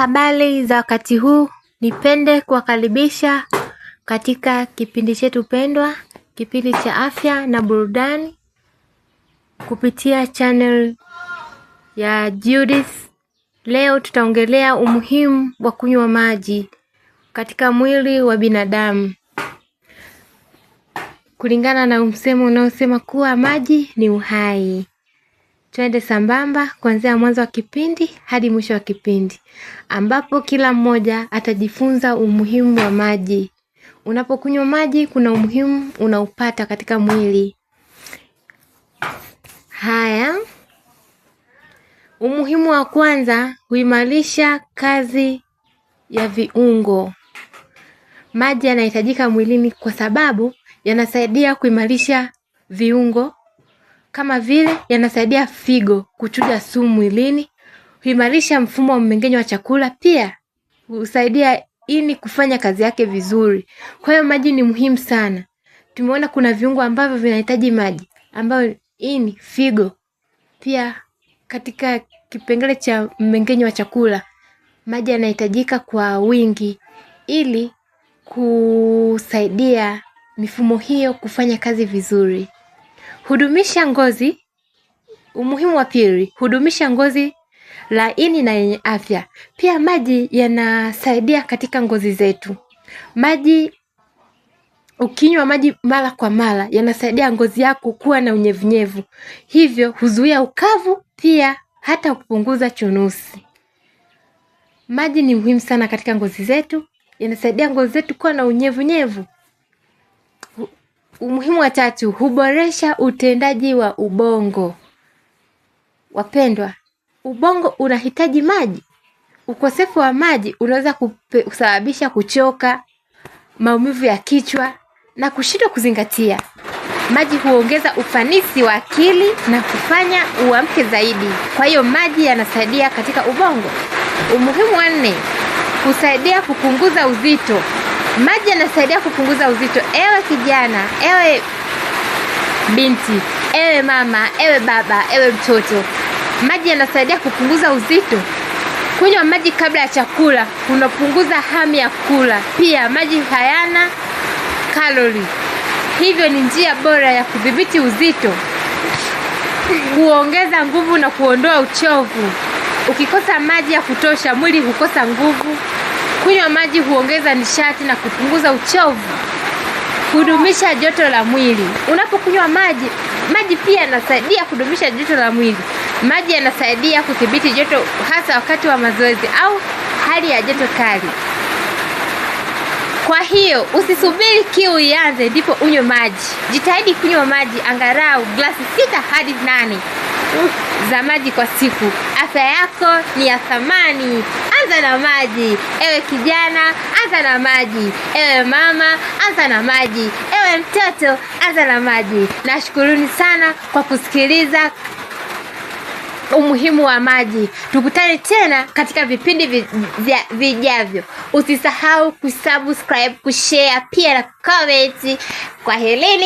Habari za wakati huu, nipende kuwakaribisha katika kipindi chetu pendwa, kipindi cha afya na burudani kupitia channel ya Judith. Leo tutaongelea umuhimu wa kunywa maji katika mwili wa binadamu, kulingana na msemo unaosema kuwa maji ni uhai. Twende sambamba kuanzia mwanzo wa kipindi hadi mwisho wa kipindi, ambapo kila mmoja atajifunza umuhimu wa maji. Unapokunywa maji, kuna umuhimu unaupata katika mwili. Haya, umuhimu wa kwanza, huimarisha kazi ya viungo. Maji yanahitajika mwilini kwa sababu yanasaidia kuimarisha viungo kama vile yanasaidia figo kuchuja sumu mwilini, huimarisha mfumo wa mmeng'enyo wa chakula, pia husaidia ini kufanya kazi yake vizuri. Kwa hiyo maji ni muhimu sana. Tumeona kuna viungo ambavyo vinahitaji maji ambayo ini, figo pia katika kipengele cha mmeng'enyo wa chakula maji yanahitajika kwa wingi ili kusaidia mifumo hiyo kufanya kazi vizuri. Hudumisha ngozi. Umuhimu wa pili, hudumisha ngozi laini na yenye afya. Pia maji yanasaidia katika ngozi zetu. Maji ukinywa maji mara kwa mara yanasaidia ngozi yako kuwa na unyevunyevu, hivyo huzuia ukavu, pia hata kupunguza chunusi. Maji ni muhimu sana katika ngozi zetu, yanasaidia ngozi zetu kuwa na unyevunyevu. Umuhimu wa tatu, huboresha utendaji wa ubongo. Wapendwa, ubongo unahitaji maji. Ukosefu wa maji unaweza kusababisha kuchoka, maumivu ya kichwa na kushindwa kuzingatia. Maji huongeza ufanisi wa akili na kufanya uamke zaidi. Kwa hiyo maji yanasaidia katika ubongo. Umuhimu wa nne, husaidia kupunguza uzito. Maji yanasaidia kupunguza uzito. Ewe kijana, ewe binti, ewe mama, ewe baba, ewe mtoto, maji yanasaidia kupunguza uzito. Kunywa maji kabla ya chakula kunapunguza hamu ya kula. Pia maji hayana kalori, hivyo ni njia bora ya kudhibiti uzito, kuongeza nguvu na kuondoa uchovu. Ukikosa maji ya kutosha, mwili hukosa nguvu. Kunywa maji huongeza nishati na kupunguza uchovu, kudumisha joto la mwili. Unapokunywa maji, maji pia yanasaidia kudumisha joto la mwili. Maji yanasaidia kudhibiti joto, hasa wakati wa mazoezi au hali ya joto kali. Kwa hiyo usisubiri kiu ianze ndipo unywe maji. Jitahidi kunywa maji angalau glasi sita hadi nane za maji kwa siku. Afya yako ni ya thamani anza na maji. Ewe kijana, anza na maji. Ewe mama, anza na maji. Ewe mtoto, anza na maji. Nashukuruni sana kwa kusikiliza umuhimu wa maji. Tukutane tena katika vipindi vijavyo. Usisahau kusubscribe, kushare pia na kwa helini